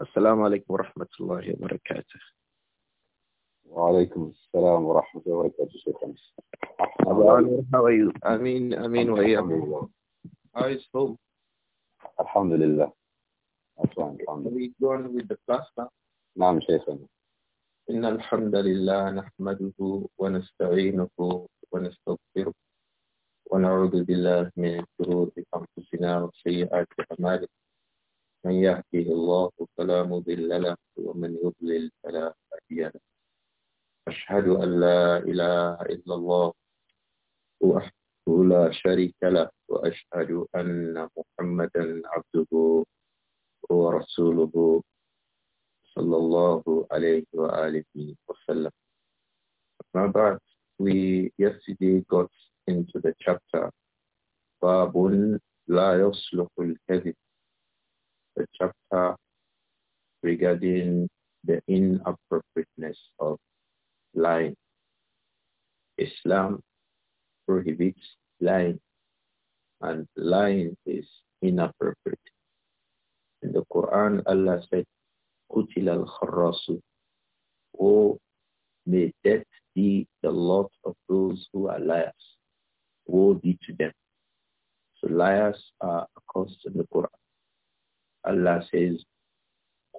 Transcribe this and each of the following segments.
السلام عليكم ورحمة الله وبركاته وعليكم السلام ورحمة الله وبركاته شكرا أبو أمين أمين وإياكم how is الحمد لله نعم شيخ إن الحمد لله نحمده ونستعينه ونستغفره ونعوذ بالله من شرور أنفسنا وسيئات أعمالنا من يهده الله فلا مضل له ومن يضلل فلا هادي له أشهد أن لا إله إلا الله وحده لا شريك له وأشهد أن محمدا عبده ورسوله صلى الله عليه وآله وسلم Now that we yesterday got into the chapter باب لا يصلح الكذب a chapter regarding the inappropriateness of lying. Islam prohibits lying and lying is inappropriate. In the Quran, Allah said, Kutil al-Kharrasu, Oh, may death be the lot of those who are liars. Woe be to them. So liars are accursed in the Quran. Allah says,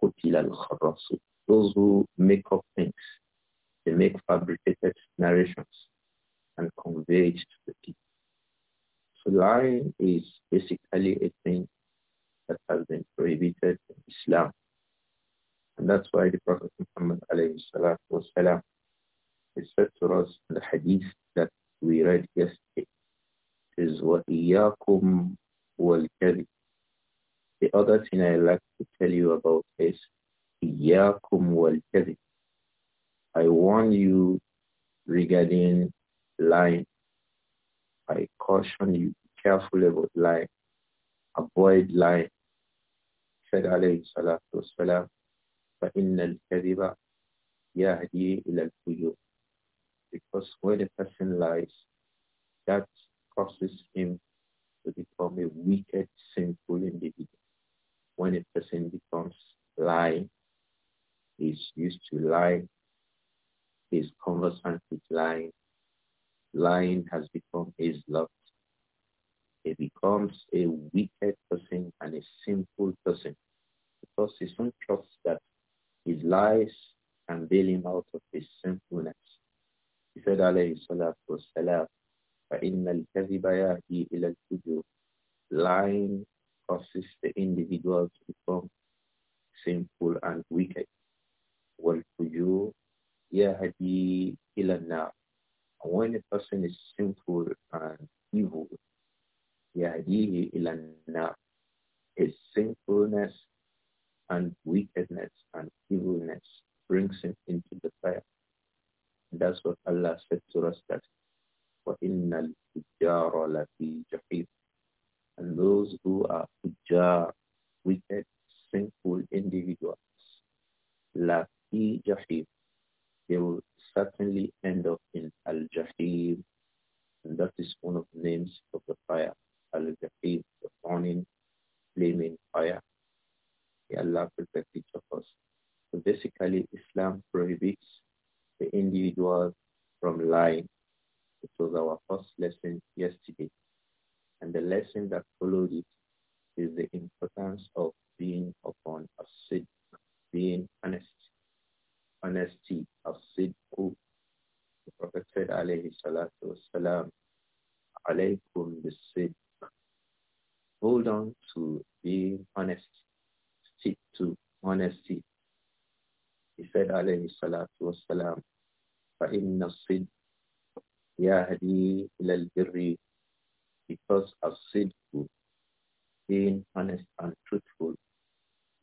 al Those who make up things, they make fabricated narrations and convey it to the people. So lying is basically a thing that has been prohibited in Islam. And that's why the Prophet Muhammad him) is said to us in the hadith that we read yesterday is وَإِيَّاكُمْ وَالْكَذِبِ the other thing I like to tell you about is Ya'kum wal I warn you regarding lying. I caution you, be careful about lying. Avoid lying. Said alayhi salatu wasalam, Because when a person lies, that causes him to become a wicked, sinful individual when a person becomes lie, is used to lie, is conversant with lying, lying has become his love. He becomes a wicked person and a sinful person because he own trust that his lies can bail him out of his sinfulness. He said, alayhi salatu wasalam, فَإِنَّ الْكَذِبَ يَهْدِي إِلَى الْفُجُورِ Lying causes the individual to become sinful and wicked. for وَالْفُجُورُ يَهَدِي إِلَى now. When a person is sinful and evil, yeah, إِلَى النَّارِ His sinfulness and wickedness and evilness brings him into the fire. And that's what Allah said to us that وَإِنَّ الْفُجَّارَ لَفِي جَحِيمٍ and those who are fujjar, wicked, sinful individuals. La fi jahim. They will certainly end up in al-jahim. And that is one of the names of the fire. Al-jahim, the burning, flaming fire. May Allah protect each of us. So basically, Islam prohibits the individual from lying. It was our first lesson yesterday. And the lesson that followed it is the importance of being upon a sid, being honest. Honesty of sid The Prophet said, alayhi salatu wasalam, alaykum bisid. Hold on to being honest. Stick to honesty. He said, alayhi salatu wasalam, فإن الصدق يهدي إلى البر because of sidku, being honest and truthful,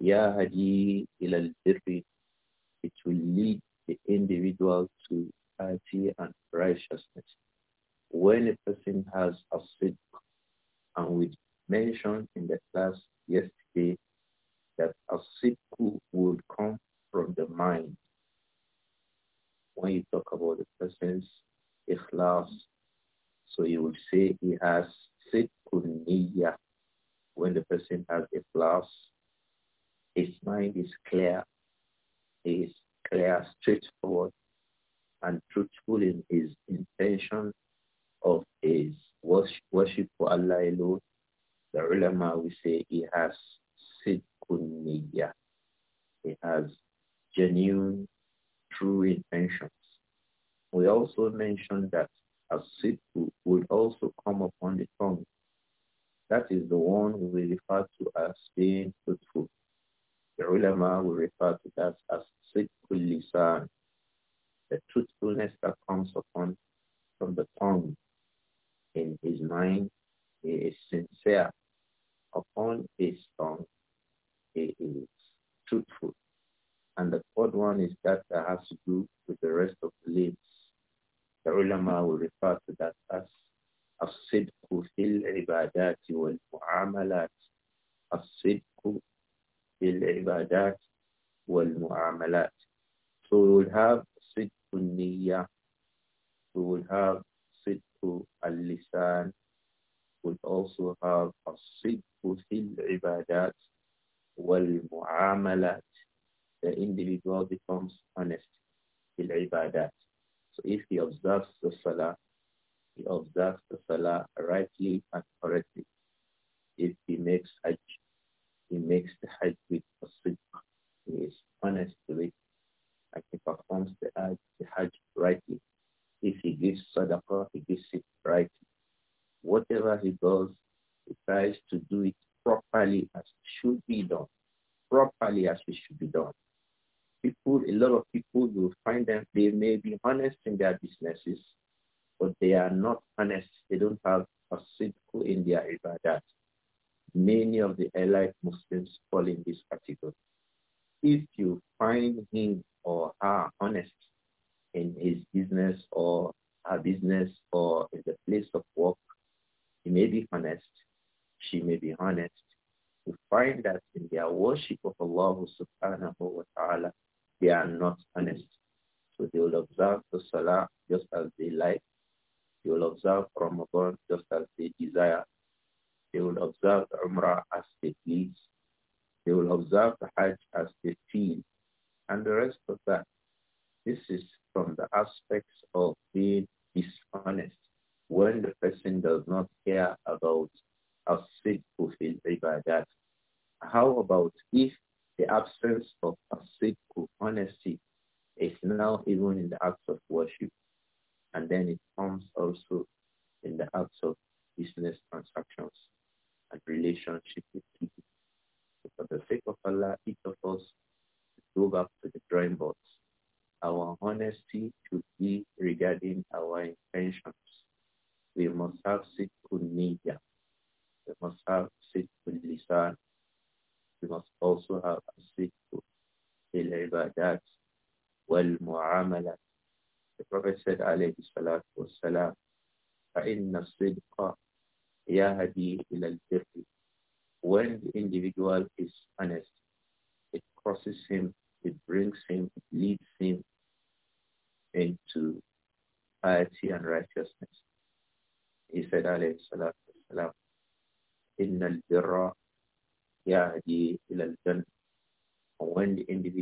yahdi ilal birri, it will lead the individual to piety and righteousness. When a person has a sick, and we mentioned in the class yesterday that a sick would come from the mind. When you talk about the person's ikhlas, so you would say he has sitkun When the person has a plus, his mind is clear. He is clear, straightforward, and truthful in his intention of his worship, worship for Allah alone. The ulama will say he has sitkun He has genuine, true intentions. We also mentioned that as-sidqu would also come upon the tongue. That is the one we refer to as being truthful. The ulama will refer to that as sidqul lisan, the truthfulness that comes upon from the tongue. In his mind, he is sincere. Upon his tongue, he is truthful. And the third one is that that has to do with the rest of the limbs will refer to that as as-sidqu fil ibadat wal mu'amalat as-sidqu fil ibadat wal mu'amalat so we will have a sidqu niyya we will have sidqu al-lisan we will also have as-sidqu fil ibadat wal mu'amalat the individual becomes honest fil ibadat so if he observes the salah, he observes the salah rightly and correctly. If he makes hajj, he makes the hajj with a sidq. He is honest with it and he performs the hajj, the hajj rightly. If he gives sadaqah, he gives it rightly. Whatever he does, be honest in their businesses, but they are not honest. They don't have a sidku in their ibadat. Many of the elite Muslims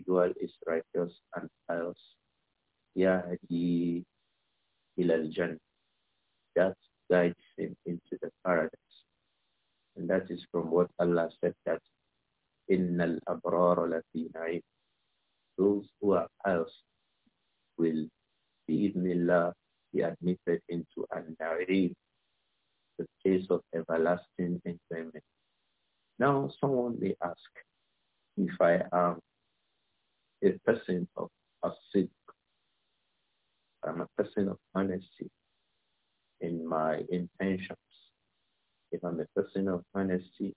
individual is righteous and pious, Yeah, the Jannah. That guides him into the paradise. And that is from what Allah said that Innal Abrar Lafi Na'im. Those who are pious will be Allah, be admitted into an Na'im, the place of everlasting enjoyment. Now someone may ask, if I am a person of asid. I'm a person of honesty in my intentions. If I'm a person of honesty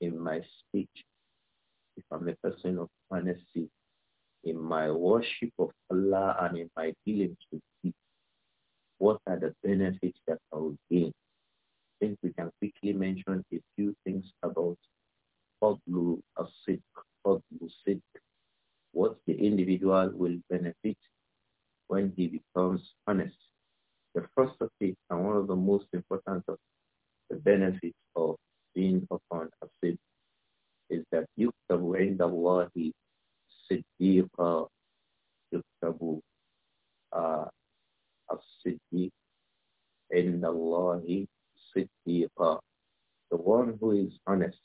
in my speech, if I'm a person of honesty in my worship of Allah and in my dealings with people, what are the benefits that I will gain? I think we can quickly mention a few things about Fadlu Asik, Fadlu Sidq, what the individual will benefit when he becomes honest. The first of it and one of the most important of the benefits of being upon a sin is that يُكْتَبُ عِنْدَ اللَّهِ صِدِّيقًا يُكْتَبُ الصِّدِّيقِ عِنْدَ اللَّهِ صِدِّيقًا The one who is honest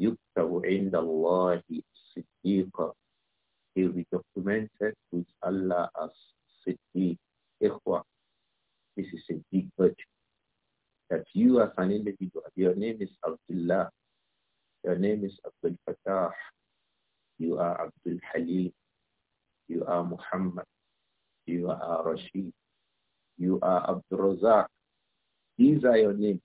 يُكْتَبُ عِنْدَ اللَّهِ صِدِّيقًا he'll with Allah as Siddiq. Ikhwa, this is a big virtue. That you as an individual, your name is Abdullah, your name is Abdul Fatah, you are Abdul Halim, you are Muhammad, you are Rashid, you are Abdul Razak. These are your names.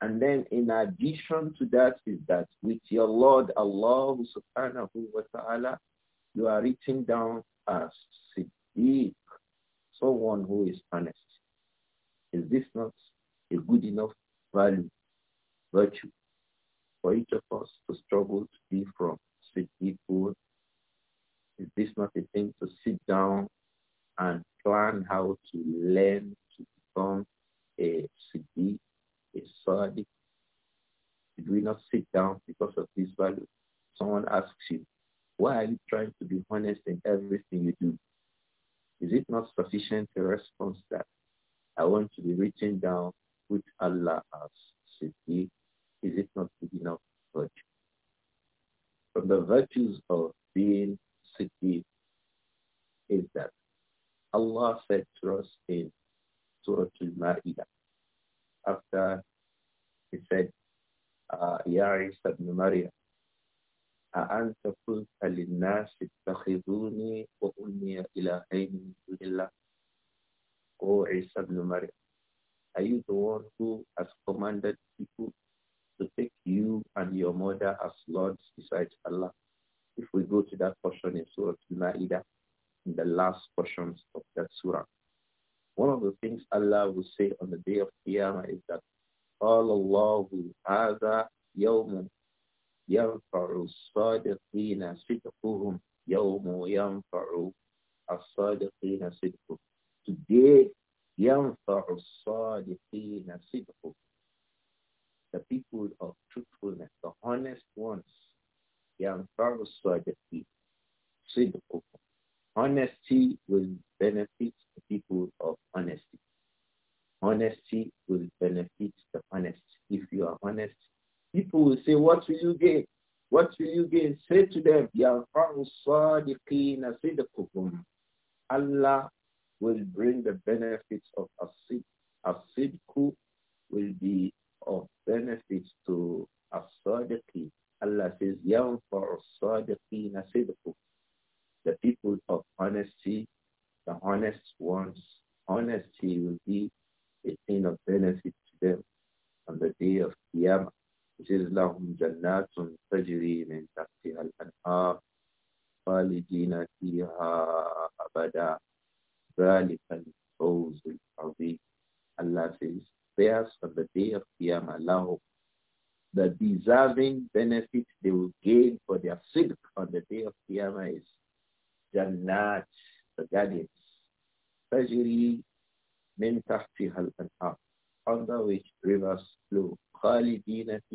And then in addition to that is that with your Lord, Allah subhanahu wa ta'ala, you are written down as Siddiq, someone who is honest. Is this not a good enough value, virtue, for each of us to struggle to be from Siddiqul? Is this not a thing to sit down and plan how to learn to become a Siddiq, a Sadiq? Did we not sit down because of this value? Someone asks you, why are you trying to be honest in everything you do? Is it not sufficient a response that I want to be written down with Allah as Siddiq? Is it not good enough virtue? From the virtues of being Siddiq is that Allah said to us in Surah Al-Ma'idah after he said, uh, Ya Isa ibn Maryam, are you the one who has commanded people to take you and your mother as lords besides Allah? If we go to that portion in Surah Al-Ma'idah, in the last portions of that surah, one of the things Allah will say on the day of Qiyamah is that قال الله هذا يوم ينفع الصادقين صدقهم يوم الصادقين صدقهم Today الصادقين صدقهم The people of truthfulness, the honest ones ينفع الصادقين صدقهم Honesty will benefit the people of honesty. Honesty will benefit the honest. If you are honest, People will say, what will you gain? What will you gain? Say to them, يَرْفَعُ الصَّادِقِينَ صِدْقُكُمْ Allah will bring the benefits of asid. Asidku will be of benefits to a sadiqi Allah says, يَنْفَعُ الصَّادِقِينَ صِدْقُكُمْ The people of honesty, the honest ones, honesty will be a thing of benefit to them on the day of Qiyamah. يغفر لهم جنات تجري من تحتها الأنهار خالدين فيها أبدا ذلك الفوز العظيم Allah says theirs on the day of Qiyamah lahum the deserving benefit they will gain for their sake on the day of Qiyamah is Jannat, the gardens. Tajiri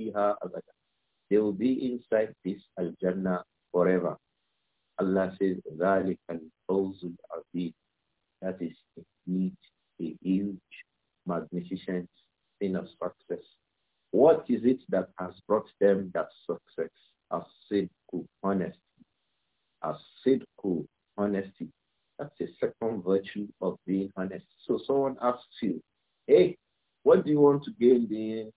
fiha abada. They will be inside this al-Jannah forever. Allah says, ذَلِكَ الْفَوْزُ الْعَظِيمُ That is indeed a huge, magnificent thing of success. What is it that has brought them that success? As-sidku, honesty. As-sidku, honesty. That's the second virtue of being honest. So someone asks you, hey, what do you want to gain being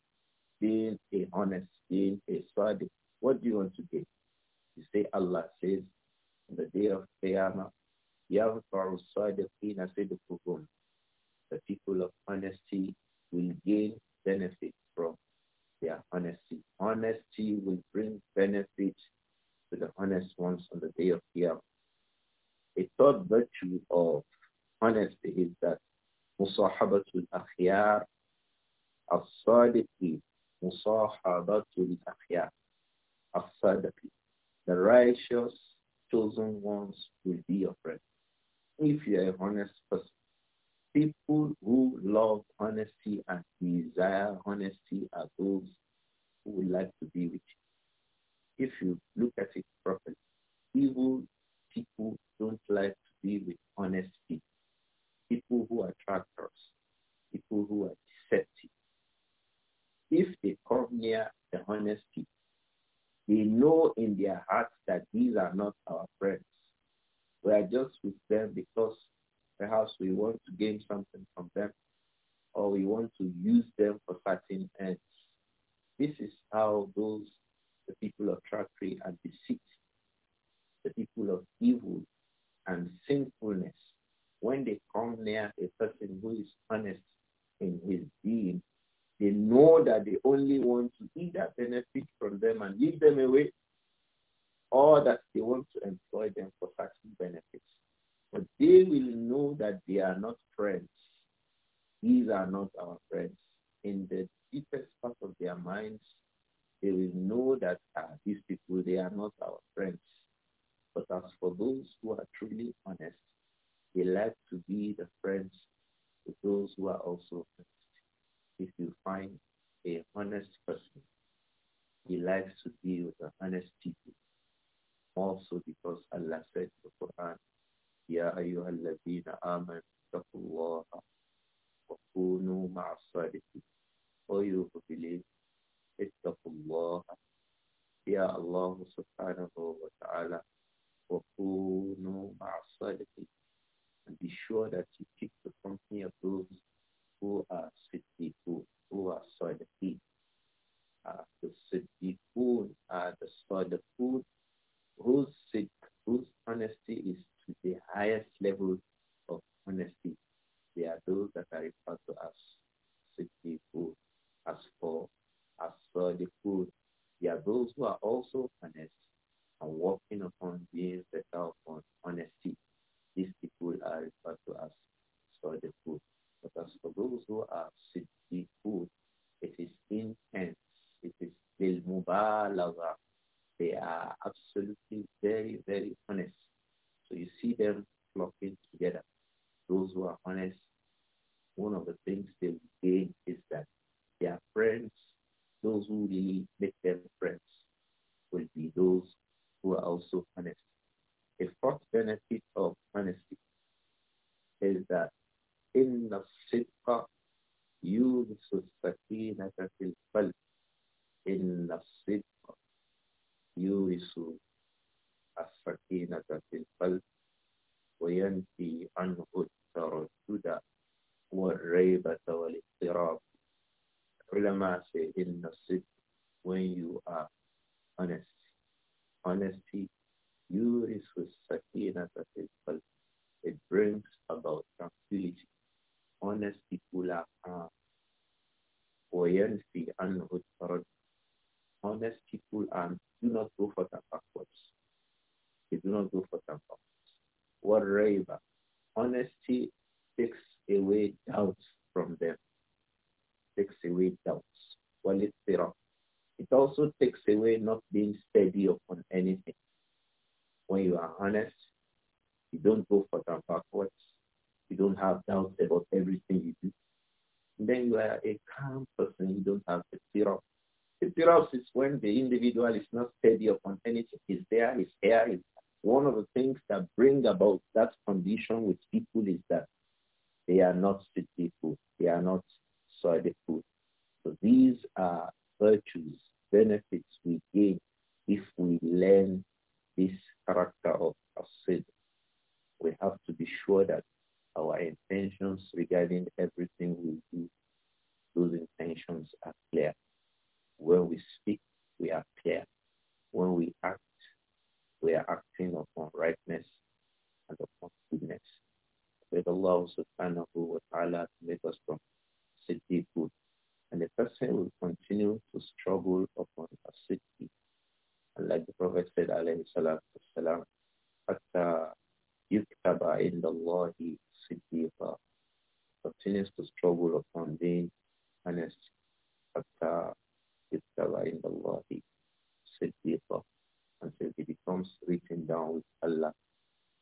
them because perhaps we want to gain something from them or we want to use them for certain ends. This is how those, the people of treachery and deceit, the people of evil and sinfulness, when they come near a person who is honest in his being, they know that they only want to either benefit from them and leave them away or that they want to employ them for certain benefits. But they will know that they are not friends. These are not our friends. In the deepest part of their minds, they will know that uh, these people, they are not our friends. But as for those who are truly honest, they like to be the friends of those who are also honest. If you find a honest person, he likes to be with the honest people. Also because Allah said in the Quran, يا أيها الذين آمنوا اتقوا الله وكونوا مع الصادقين أيها believe اتقوا الله يا الله سبحانه وتعالى وكونوا مع الصادقين and be sure that you keep the company of those who are siddiqun, who are Sadiqun. Uh, the siddiqun are the sadiqun whose, whose honesty is with the highest level of honesty, they are those that are referred to as Siddiqun. As for as for the food, they are those who are also honest and working upon being better upon honesty. These people are referred to as Siddiqun. But as for those who are Siddiqun, it is intense. It is still mobile. They are absolutely very, very honest. So you see them flocking together. Those who are honest, one of the things they gain is that their friends, those who really make them friends, will be those who are also honest. عند الله صديقا until he becomes written down with Allah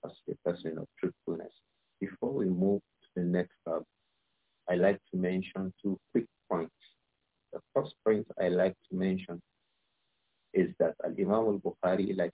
as the person of truthfulness. Before we move to the next verb, I like to mention two quick points. The first point I like to mention is that Al-Imam al-Bukhari, like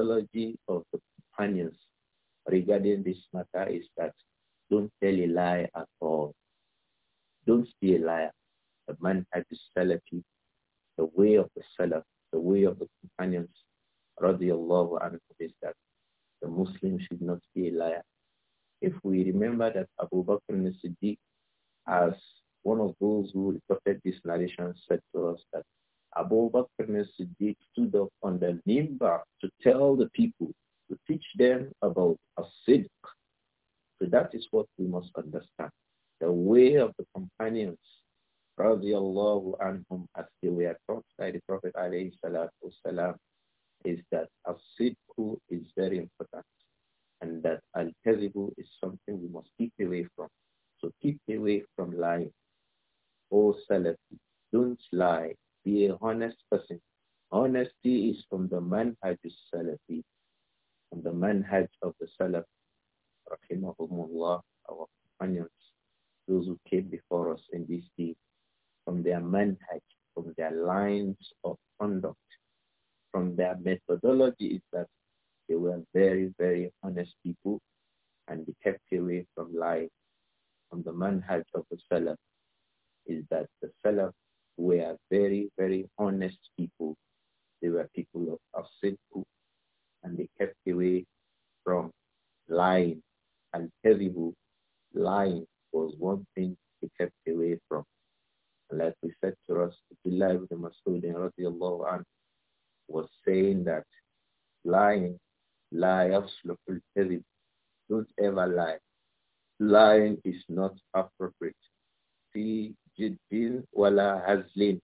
methodology of the companions regarding this matter is that don't tell a lie at all. Don't be a liar. The man had the salafi, the way of the salaf, the way of the companions, radiallahu anhu, is that the Muslim should not be a liar. If we remember that Abu Bakr al-Siddiq, as one of those who reported this narration, said to us that Abu Bakr Siddiq stood up on the mimbar to tell the people, to teach them about as So that is what we must understand. The way of the companions, radiallahu anhum, as they were taught by the Prophet is that as is very important and that al-kazibu is something we must keep away from. So keep away from lying. O Salafi, don't lie be a honest person. Honesty is from the manhaj salafi, from the manhaj of the salaf, rahimahumullah, our companions, those who came before us in this deed, from their manhaj, from their lines of conduct, from their methodology is that they were very, very honest people and they kept away from lies. From the manhaj of the Salaf is that the Salaf were very, very honest people. They were people of, of sinful and they kept away from lying. And terrible lying was one thing they kept away from. And like we said to us, Abdullah ibn Masud radiallahu anhu was saying that lying, lie absolutely terrible. Don't ever lie. Lying is not appropriate. See jiddin wala hazlin.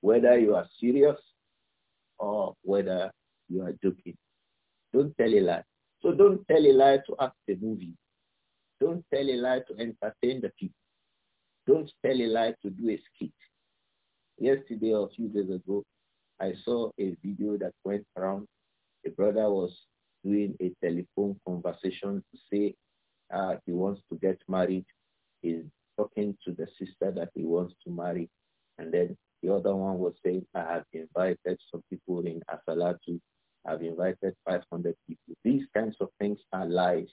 Whether you are serious or whether you are joking. Don't tell a lie. So don't tell a lie to act a movie. Don't tell a lie to entertain the people. Don't tell a lie to do a skit. Yesterday or a few days ago, I saw a video that went around. A brother was doing a telephone conversation to say uh, he wants to get married. His talking to the sister that he wants to marry. And then the other one was saying, I have invited some people in Asalatu. I've invited 500 people. These kinds of things are lies.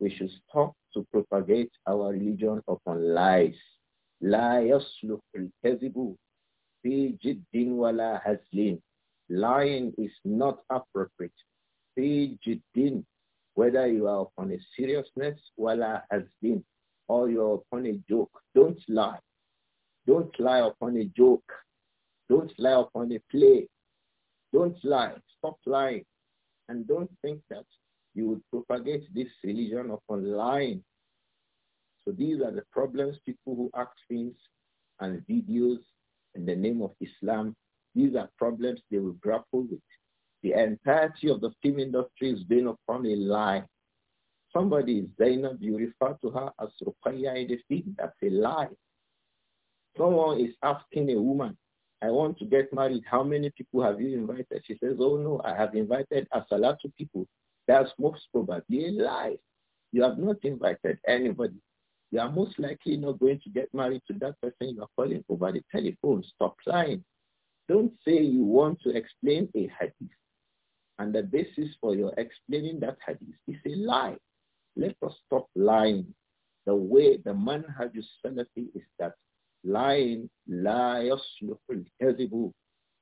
We should stop to propagate our religion upon lies. لا يصلح الكذب Lying is not appropriate. whether you are upon a seriousness, ولا هزل, or you're upon a joke. Don't lie. Don't lie upon a joke. Don't lie upon a play. Don't lie. Stop lying. And don't think that you would propagate this religion upon lying. So these are the problems people who act things and videos in the name of Islam. These are problems they will grapple with. The entirety of the film industry is based upon a lie somebody is Zainab, you refer to her as Ruqayya in the field. That's a lie. Someone is asking a woman, I want to get married. How many people have you invited? She says, oh no, I have invited a lot of people. That's most probably a lie. You have not invited anybody. You are most likely not going to get married to that person you are calling over the telephone. Stop lying. Don't say you want to explain a hadith and the basis for your explaining that hadith is a lie. Let us stop lying. The way the manhaj salafi is that lying la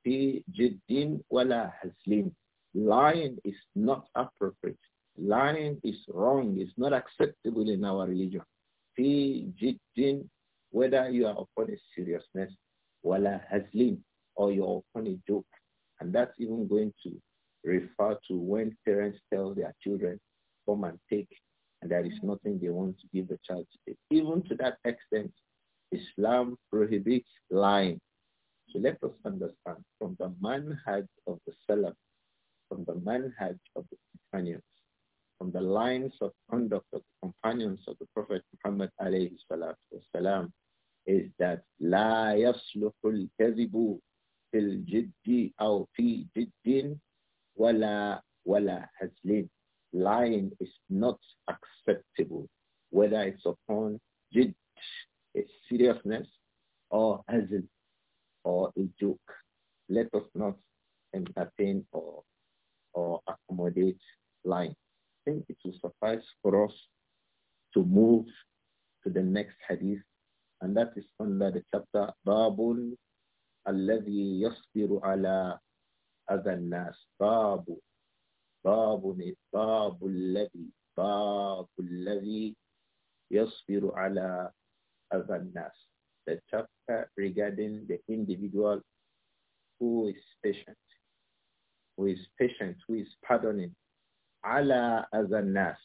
fi jiddin wala hazlin. Lying is not appropriate. Lying is wrong. It's not acceptable in our religion. Fi jiddin, whether you are upon a seriousness, wala hazlin, or you're upon a joke. And that's even going to refer to when parents tell their children, come and take and there is nothing they want to give the child to take. Even to that extent, Islam prohibits lying. So let us understand from the manhaj of the Salaf, from the manhaj of the companions, from the lines of conduct of the companions of the Prophet Muhammad alayhi is that لا يصلح الكذب في الجد أو في جد ولا ولا هزلين lying is not acceptable, whether it's upon its seriousness, or hazard, or a joke. Let us not entertain or, or accommodate lying. I think it will suffice for us to move to the next hadith, and that is under the chapter Babul الذي يصبر على أذى الناس باب باب الذي باب الذي يصبر على أذى الناس the chapter regarding the individual who is patient who is patient who is pardoning على أذى الناس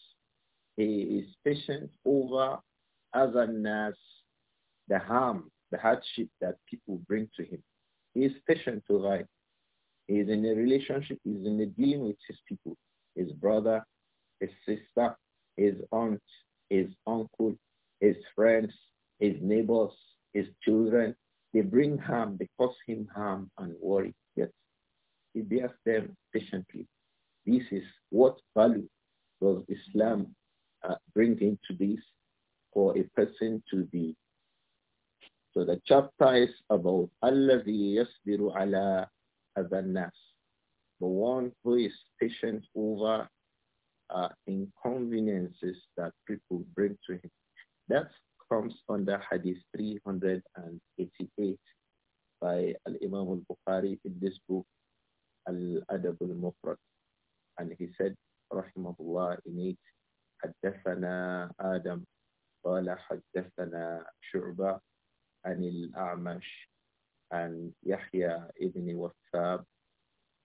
he is patient over أذى الناس the harm the hardship that people bring to him he is patient to write He's in a relationship. He's in a dealing with his people, his brother, his sister, his aunt, his uncle, his friends, his neighbors, his children. They bring harm, they cause him harm and worry. Yes, he bears them patiently. This is what value does Islam uh, bring into this for a person to be. So the chapter is about Allah nurse, the one who is patient over uh, inconveniences that people bring to him. That comes under Hadith 388 by Al-Imam al-Bukhari in this book, Al-Adab al-Mufrad. And he said, rahimahullah, in it, حدثنا آدم قال حدثنا شعبة عن الأعمش عن يحيى ابن وفاب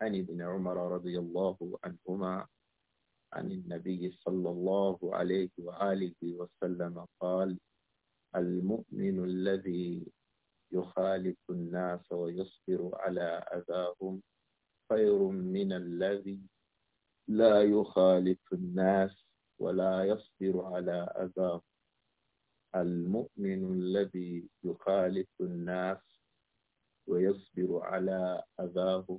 عن ابن عمر رضي الله عنهما عن النبي صلى الله عليه وآله وسلم قال المؤمن الذي يخالف الناس ويصبر على أذاهم خير من الذي لا يخالف الناس ولا يصبر على أذاهم المؤمن الذي يخالف الناس ويصبر على أذاه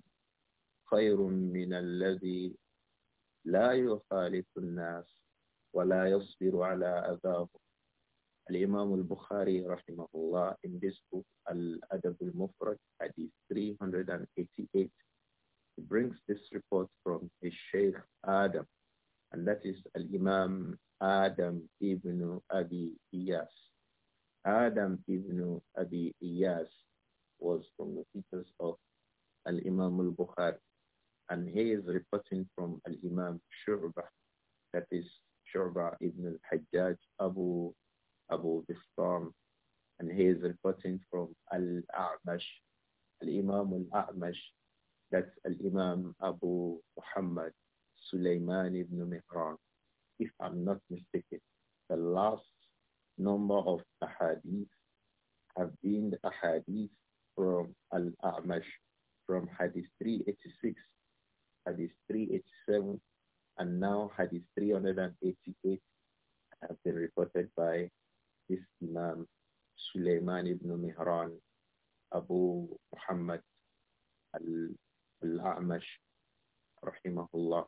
خير من الذي لا يخالف الناس ولا يصبر على أذاه الإمام البخاري رحمه الله in this book الأدب المفرد حديث 388 he brings this report from his sheikh Adam and that is الإمام Adam ibn Abi إياس Adam ibn Abi إياس was from the teachers of Al-Imam al-Bukhari. And he is reporting from Al-Imam Shurba, that is Shurba ibn al-Hajjaj, Abu, Abu Bistam. And he is reporting from Al-A'mash, Al-Imam al-A'mash, that's Al-Imam Abu Muhammad Sulaiman ibn Mihran, if I'm not mistaken. The last number of ahadith have been the ahadith from Al-A'mash from Hadith 386, Hadith 387, and now Hadith 388 have been reported by this Imam Sulaiman ibn Mihran, Abu Muhammad al-A'mash, rahimahullah.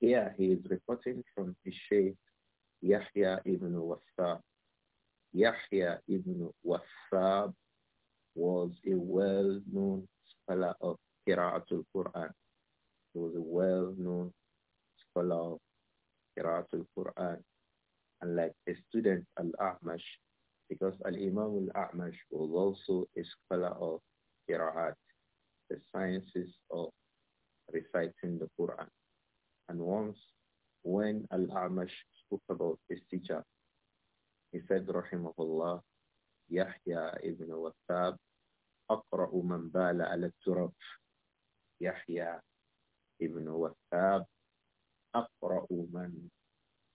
Here he is reporting from his Shaykh Yahya ibn Wassab. Yahya ibn Wassab was a well-known scholar of Qira'atul Quran. He was a well-known scholar of Qira'atul Quran. And like a student, Al-Ahmash, because Al-Imam Al-Ahmash was also a scholar of Qira'at, the sciences of reciting the Quran. And once when Al-A'mash spoke about his teacher, he said, Rahimahullah, Yahya ibn Wattab أقرأ من بال على التراب يحيى ابن وثاب. أقرأ من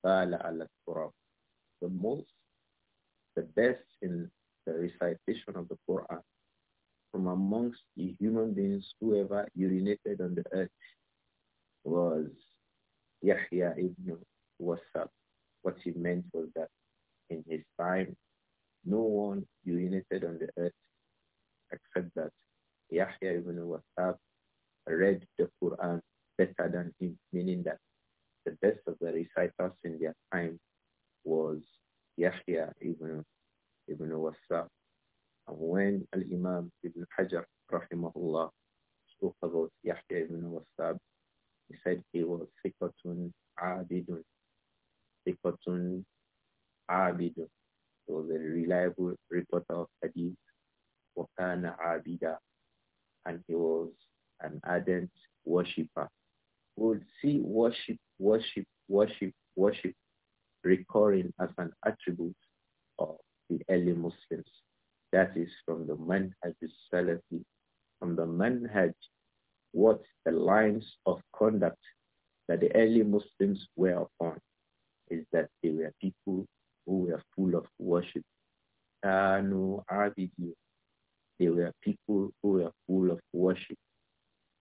بال على التراب the most the best in the recitation of the Quran from amongst the human beings whoever urinated on the earth was Yahya ibn Wasab. What he meant was that in his time, no one urinated on the earth except that Yahya ibn Wasab read the Quran better than him, meaning that the best of the reciters in their time was Yahya ibn, ibn Wasab. And when Al-Imam ibn Hajar, rahimahullah, spoke about Yahya ibn Wasab, he said he was Sikatun Abidun. Sikatun Abidun. He was a reliable reporter of hadith وَكَانَ abida, And he was an ardent worshipper. We'll see worship, worship, worship, worship recurring as an attribute of the early Muslims. That is from the manhaj salafi, from the manhaj, what the lines of conduct that the early Muslims were upon is that they were people who were full of worship. Kanu abidin they were people who were full of worship.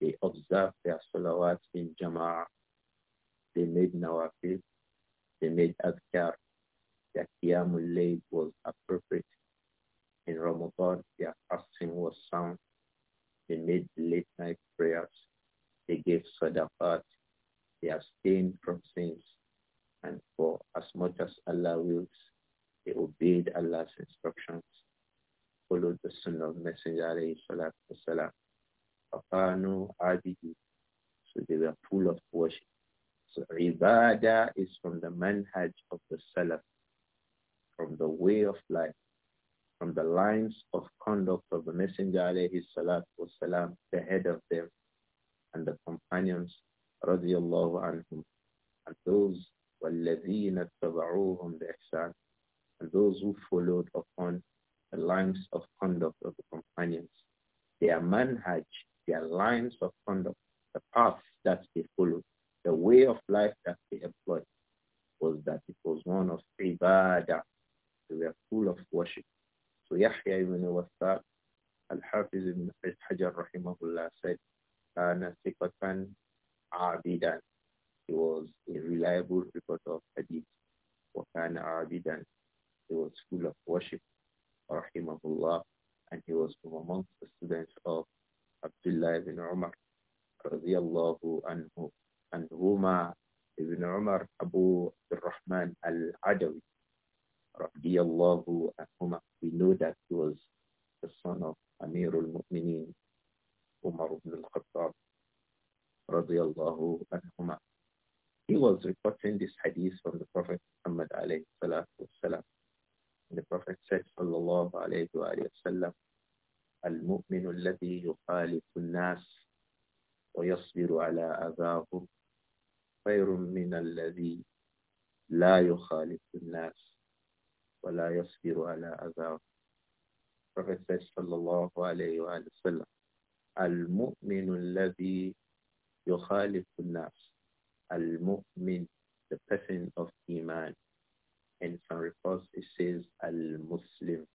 They observed their salawat in jama'ah. They made nawafil. They made adhkar. Their qiyamul layl was appropriate. In Ramadan, their fasting was sound. They made late night prayers. They gave sadaqat. They abstained from sins. And for as much as Allah wills, they obeyed Allah's instructions followed the son of Messenger alayhi salatu wasalam. So they were full of worship. So ibadah is from the manhaj of the salaf, from the way of life, from the lines of conduct of the Messenger alayhi salatu wasalam, the head of them, and the companions radiallahu anhum, and those وَالَّذِينَ اتَّبَعُوهُمْ بِإِحْسَانٍ and those who followed upon the lines of conduct of the companions, their manhaj, their lines of conduct, the path that they followed, the way of life that they employed, was that it was one of ibadah. They were full of worship. So Yahya ibn Wasaq, Al-Hafiz ibn Hajar rahimahullah said, كان ثقة عابدا. He was a reliable reporter of hadith. وكان عابدا. He was full of worship rahimahullah, and he was from amongst the students of Abdullah ibn Umar, radiallahu anhu, and Huma ibn Umar Abu Rahman al-Adawi, radiallahu anhuma. We know that he was the son of Amir al-Mu'mineen, Umar ibn al-Khattab, radiallahu anhuma. He was reporting this hadith from the Prophet Muhammad alayhi salatu wasalam. The Prophet said, sallallahu alayhi wa sallam, المؤمن الذي يخالف الناس ويصبر على أذاهم خير من الذي لا يخالف الناس ولا يصبر على أذاهم Prophet says sallallahu alayhi wa sallam المؤمن الذي يخالف الناس المؤمن the person of iman in some reports it says al-Muslim.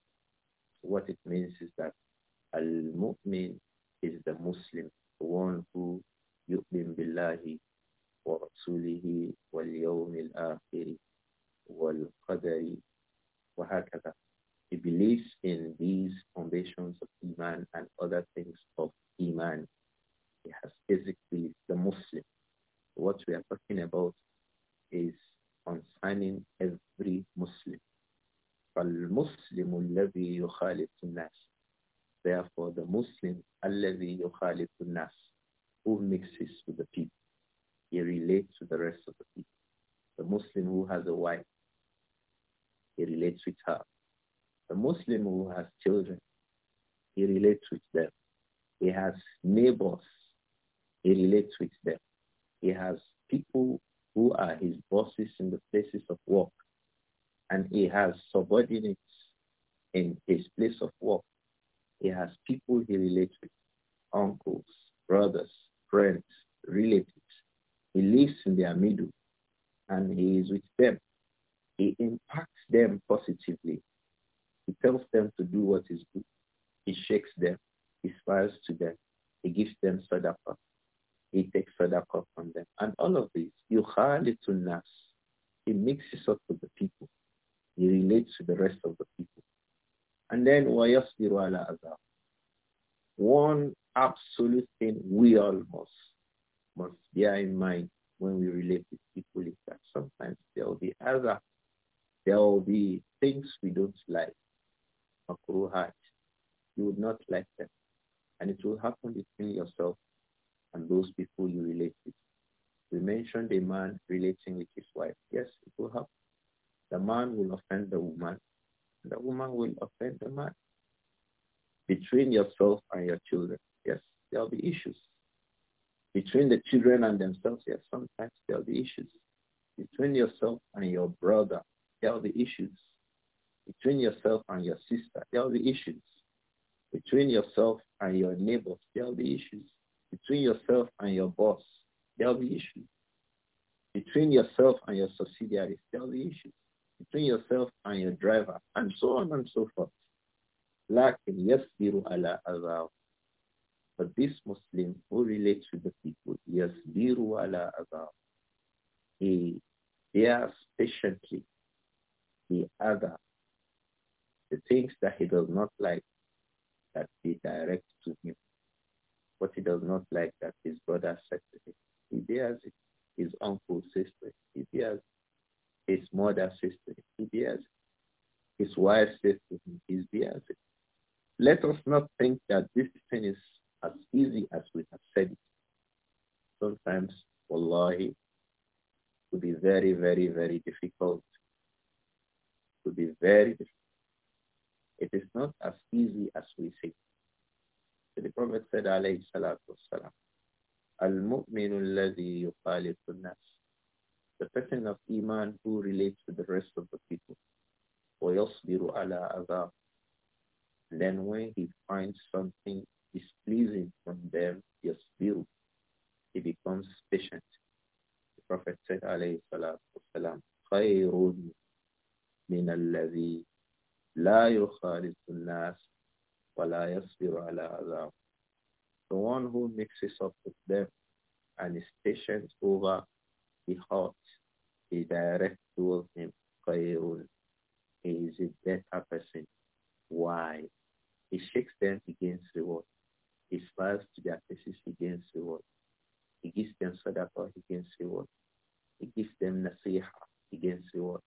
your brother, there will be issues. Between yourself and your sister, there will be issues. Between yourself and your neighbors, there will be issues. Between yourself and your boss, there will be issues. Between yourself and your subsidiaries, there will be issues. Between yourself and your driver, and so on and so forth. yes, biro ala azaw. but this Muslim who relates with the people, yes, biru ala azaw. He bears patiently the other, the things that he does not like that he directs to him, what he does not like that his brother said to him. He bears it. His uncle says to him, he bears it. His mother says to him, he bears it. His wife says to him, he bears it. Let us not think that this thing is as easy as we have said it. Sometimes, wallahi, would be very, very, very difficult. It would be very difficult. It is not as easy as we think. So the Prophet said, alayhi salatu wasalam, Al-mu'minu alladhi yuqalitu nas. The person of Iman who relates to the rest of the people. وَيَصْبِرُ عَلَىٰ أَذَىٰ Then when he finds something displeasing from them, يَصْبِرُ He becomes patient. Prophet said, alayhi salatu wasalam, The one who mixes up with them and is patient over the hearts, he directs towards him, He is a better person. Why? He shakes them against reward. He smiles to their faces against reward. He gives them sadaqah, he gains reward. He gives them nasiha, he gains reward.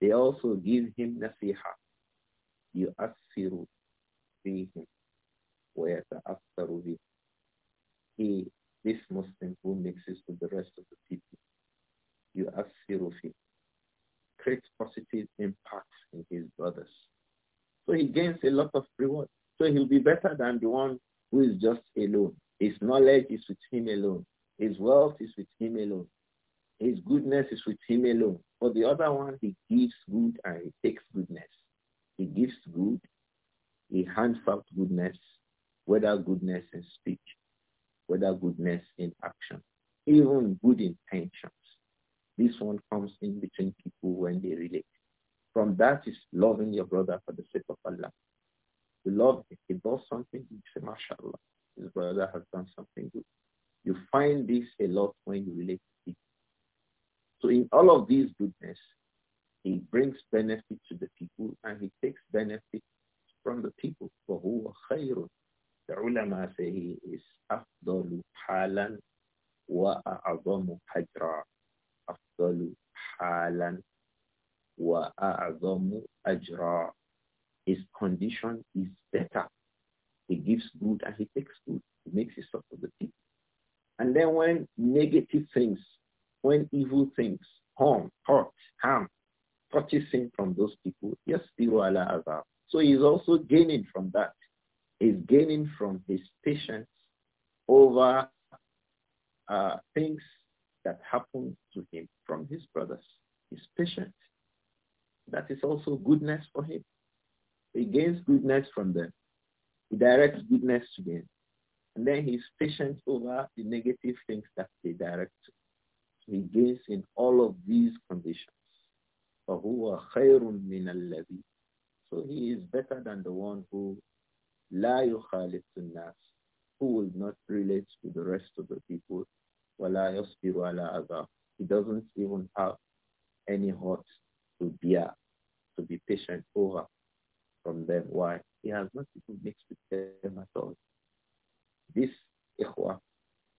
They also give him nasiha. You asiru fihim wa yata'assaru bih. He, this Muslim who mixes with the rest of the people, you asiru him. creates positive impacts in his brothers. So he gains a lot of reward. So he'll be better than the one who is just alone. His knowledge is with him alone. His wealth is with him alone. His goodness is with him alone. For the other one, he gives good and he takes goodness. He gives good. He hands out goodness, whether goodness in speech, whether goodness in action, even good intentions. This one comes in between people when they relate. From that is loving your brother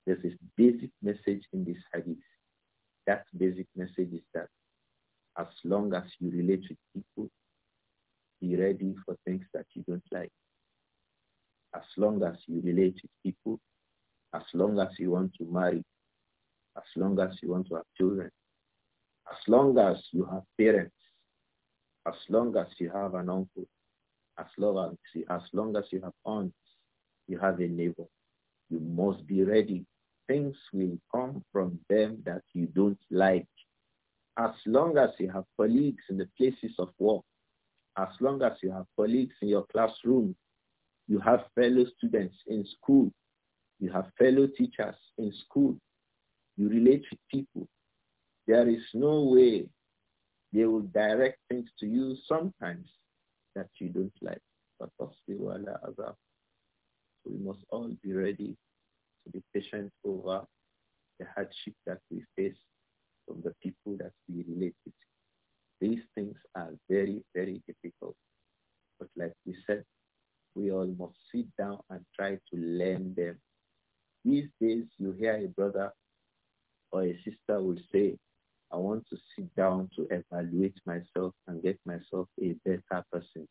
There's a basic message in this hadith. That basic message is that as long as you relate with people, be ready for things that you don't like. As long as you relate with people, as long as you want to marry, as long as you want to have children, as long as you have parents, as long as you have an uncle, as long as, as long as you have aunts, you have a neighbor. You must be ready things will come from them that you don't like. As long as you have colleagues in the places of work, as long as you have colleagues in your classroom, you have fellow students in school, you have fellow teachers in school, you relate with people. There is no way they will direct things to you sometimes that you don't like. But we must all be ready to be patient over the hardship that we face from the people that we relate with. These things are very, very difficult. But like we said, we all must sit down and try to learn them. These days, you hear a brother or a sister will say, I want to sit down to evaluate myself and get myself a better person.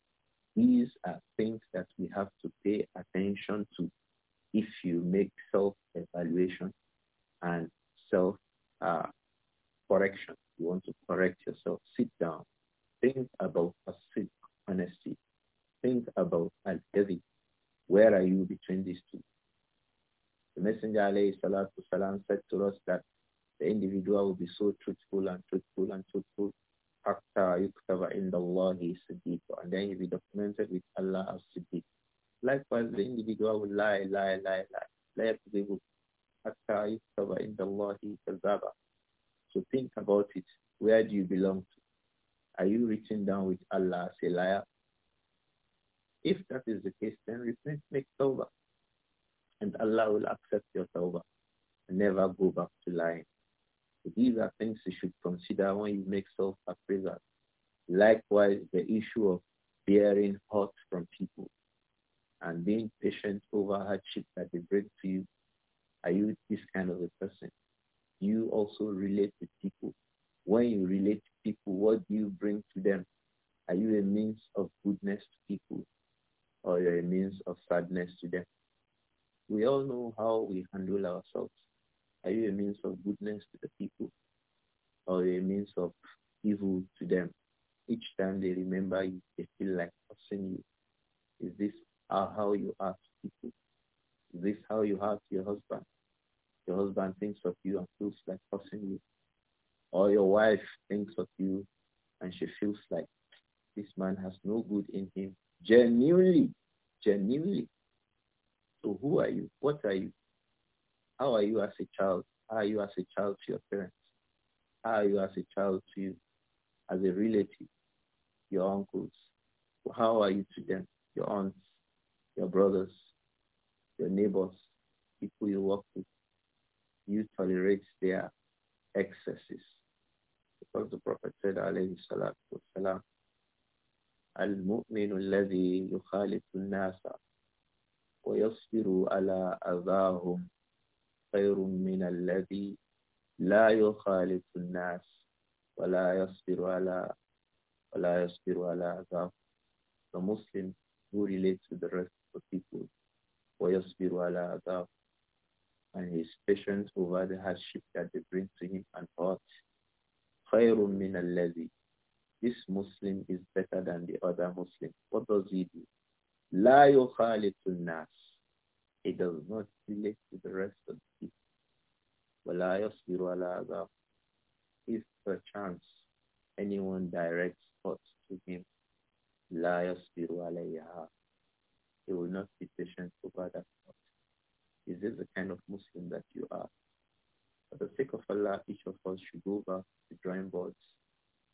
These are things that we have to pay attention to if you make self-evaluation and self-correction. Uh, you want to correct yourself. Sit down. Think about a sick honesty. Think about al -David. Where are you between these two? The Messenger alayhi salam said to us that the individual will be so truthful and truthful and truthful حتى he is الله صديق and then he will be documented with Allah as صديق Likewise, the individual will lie, lie, lie, lie. لا يكذب حتى يكتب He is كذابا. So think about it. Where do you belong to? Are you written down with Allah as a liar? If that is the case, then repent, make tawbah. And Allah will accept your tawbah. Never go back to lying. So these are things you should consider when you make self-appraisal. Likewise, the issue of bearing hurt from people and being patient over hardship that they bring to you, are you this kind of a person? You also relate to people. When you relate to people, what do you bring to them? Are you a means of goodness to people or you a means of sadness to them? We all know how we handle ourselves. Are you a means of goodness to the people or a means of evil to them? Each time they remember you, they feel like cursing you. Is this are how you ask people. Is this how you ask your husband? Your husband thinks of you and feels like forcing you. Or your wife thinks of you and she feels like this man has no good in him. Genuinely, genuinely. So who are you? What are you? How are you as a child? How are you as a child to your parents? How are you as a child to you, as a relative, your uncles? How are you to them, your aunts? your brothers, your neighbors, people you work with, you tolerate their excesses. Because the Prophet said, alayhi salatu wasalam, al-mu'minu alladhi yukhalifu nasa wa yasbiru ala azahum khayrun min alladhi la yukhalifu nas wa la yasbiru ala la yasbiru ala azahum. The Muslim who relates to the rest for people. And his patience over the hardship that they bring to him and thought. This Muslim is better than the other Muslim. What does he do? La nas. He does not relate to the rest of the people. If perchance anyone directs thoughts to him, La yasbiru alayha he will not be patient over that. Is Is this the kind of Muslim that you are? For the sake of Allah, each of us should go back to drawing boards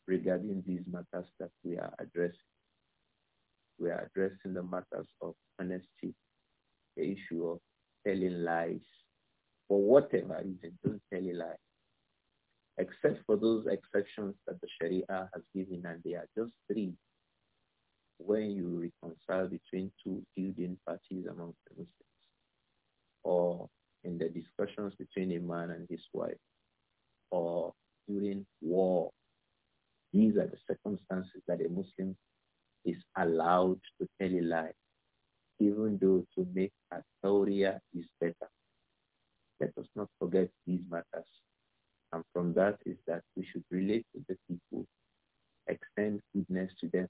regarding these matters that we are addressing. We are addressing the matters of honesty, the issue of telling lies. For whatever reason, don't tell a lie. Except for those exceptions that the Sharia has given, and they are just three when you reconcile between two feuding parties among the Muslims or in the discussions between a man and his wife or during war. These are the circumstances that a Muslim is allowed to tell a lie, even though to make a tawriya is better. Let us not forget these matters. And from that is that we should relate to the people, extend goodness to them,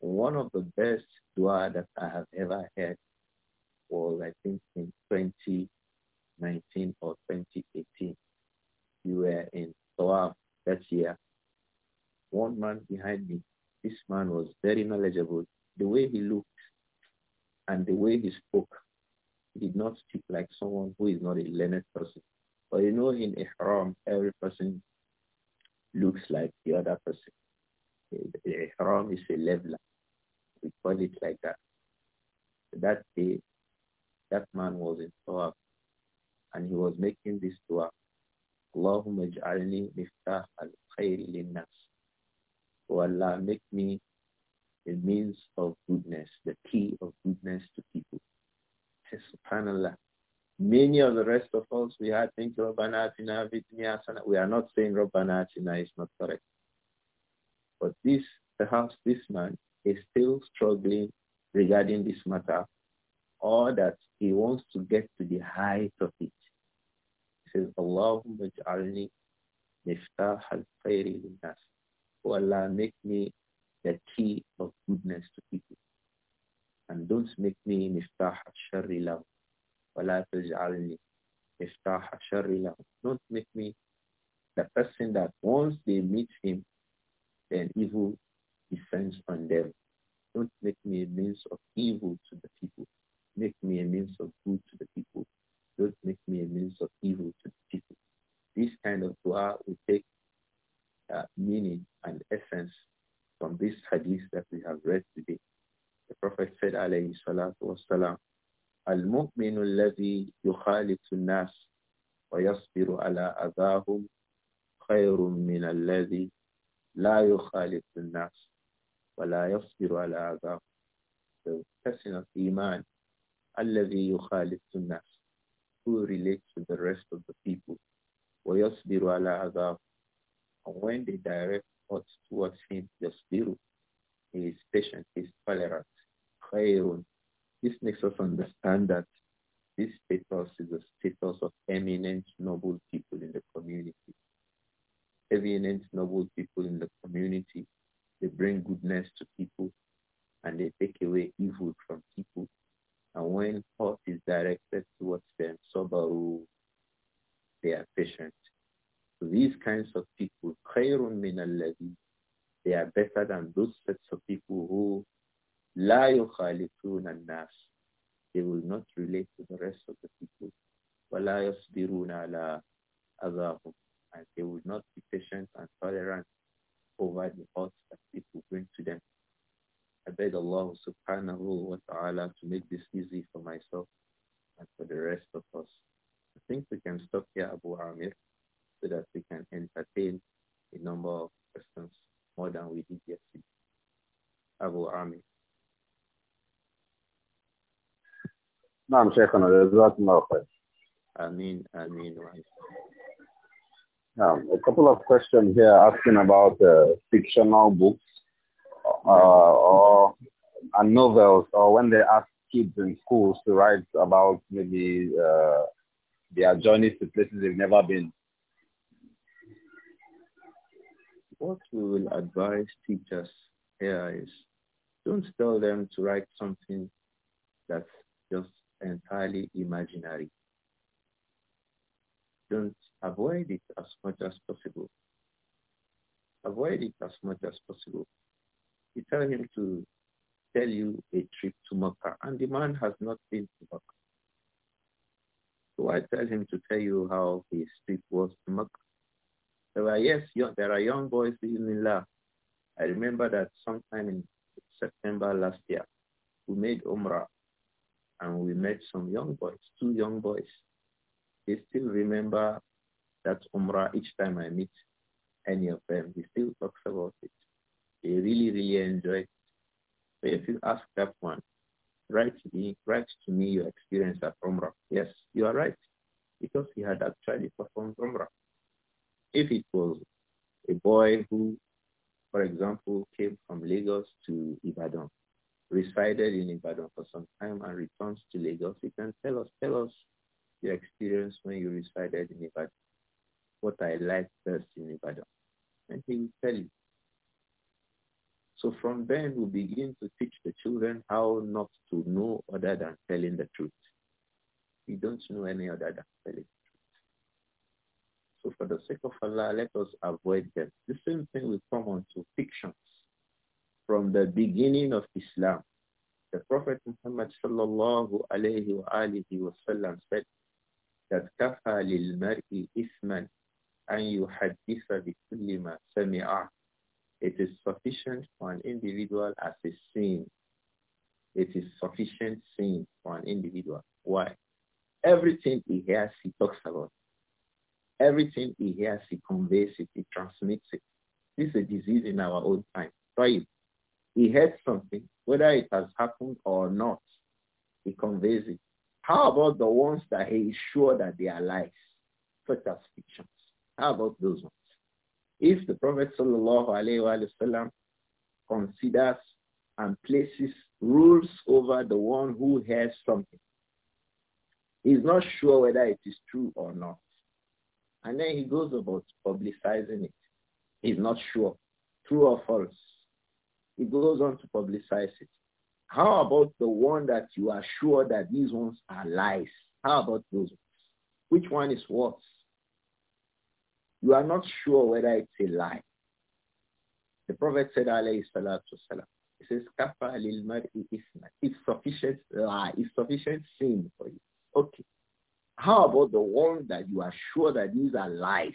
one of the best dua that I have ever heard was, I think, in 2019 or 2018. We were in Tawaf that year. One man behind me, this man was very knowledgeable. The way he looked and the way he spoke, he did not speak like someone who is not a learned person. But you know, in Ihram, every person looks like the other person. Eh, the Ihram is a leveler we call it like that. that day, that man was in Tawaf and he was making this dua. Allahumma ij'alni miftah al-khayri linnas. Oh Allah, make me a means of goodness, the key of goodness to people. SubhanAllah. Many of the rest of us, we had things, Rabbana Atina, Vitniyasana. We are not saying Rabbana Atina is not correct. But this, perhaps this man, is still struggling regarding this matter or that he wants to get to the height of it. He says, Allahumma ja'alni miftah al-khayri linnas. Oh Allah, make me the key of goodness to people. And don't make me miftah al-sharri lahu. وَلَا تَجْعَلْنِي miftah al-sharri lahu. Don't make me the person that once they meet him, then evil Defense on them. Don't make me a means of evil to the people. Make me a means of good to the people. Don't make me a means of evil to the people. This kind of dua will take uh, meaning and essence from this hadith that we have read today. The Prophet said, alayhi salatu wasalam, المؤمن الذي يخالط الناس ويصبر على أذاهم خير من الذي لا يخالط الناس ولا يصبر على عذاب the person of Iman الذي يخالف الناس who relates to the rest of the people ويصبر على عذاب and when they direct thoughts towards him يصبر he is patient he is tolerant خير this makes us understand that this status is a status of eminent noble people in the community eminent noble people in the community they bring goodness to people and they take away evil from people. And when thought is directed towards them, sabaru, oh, they are patient. So these kinds of people, they are better than those sets of people who la yukhalifun al-nas. They will not relate to the rest of the people. And they will not be patient and tolerant Provide the odds that people bring to them. I beg Allah subhanahu wa ta'ala to make this easy for myself and for the rest of us. I think we can stop here, Abu Amir, so that we can entertain a number of questions more than we did yesterday. Abu Amir. نعم شيخنا جزاكم الله خير. آمين آمين وعليكم. Um, a couple of questions here asking about uh, fictional books uh, or and novels, or when they ask kids in schools to write about maybe uh, their journeys to places they've never been. What we will advise teachers here is don't tell them to write something that's just entirely imaginary. Don't avoid it as much as possible. Avoid it as much as possible. You tell him to tell you a trip to Makkah, and the man has not been to Makkah. So I tell him to tell you how his trip was to Makkah. There are, yes, young, there are young boys in La. I remember that sometime in September last year, we made Umrah and we met some young boys, two young boys. They still remember that Umrah each time I meet any of them. He still talks about it. He really, really enjoys it. So if you ask that one, write to me, write to me your experience at Umrah. Yes, you are right. Because he had actually performed Umrah. If it was a boy who, for example, came from Lagos to Ibadan, resided in Ibadan for some time and returns to Lagos, you can tell us, tell us your experience when you resided in Ibadan what I like best in Ibadan. And he will tell you. So from then we begin to teach the children how not to know other than telling the truth. We don't know any other than telling the truth. So for the sake of Allah, let us avoid them. The same thing will come on to fictions. From the beginning of Islam, the Prophet Muhammad sallallahu alayhi wa alihi wa sallam said that kafa lil mar'i isman أن يحدث بكل ما سمع It is sufficient for an individual as a sin. It is sufficient sin for an individual. Why? Everything he hears, he talks about. Everything he hears, he conveys it, he transmits it. This is a disease in our own time. Try it. He heard something, whether it has happened or not, he conveys it. How about the ones that he is sure that they are lies, such as fiction? How about those ones? If the Prophet wasallam considers and places rules over the one who has something, he's not sure whether it is true or not. And then he goes about publicizing it. He's not sure, true or false. He goes on to publicize it. How about the one that you are sure that these ones are lies? How about those ones? Which one is worse? you are not sure whether it's a lie. The Prophet said, alayhi salatu wasalam, he says, kafa lil mar'i isna." It's sufficient lie. It's sufficient sin for you. Okay. How about the one that you are sure that these are lies?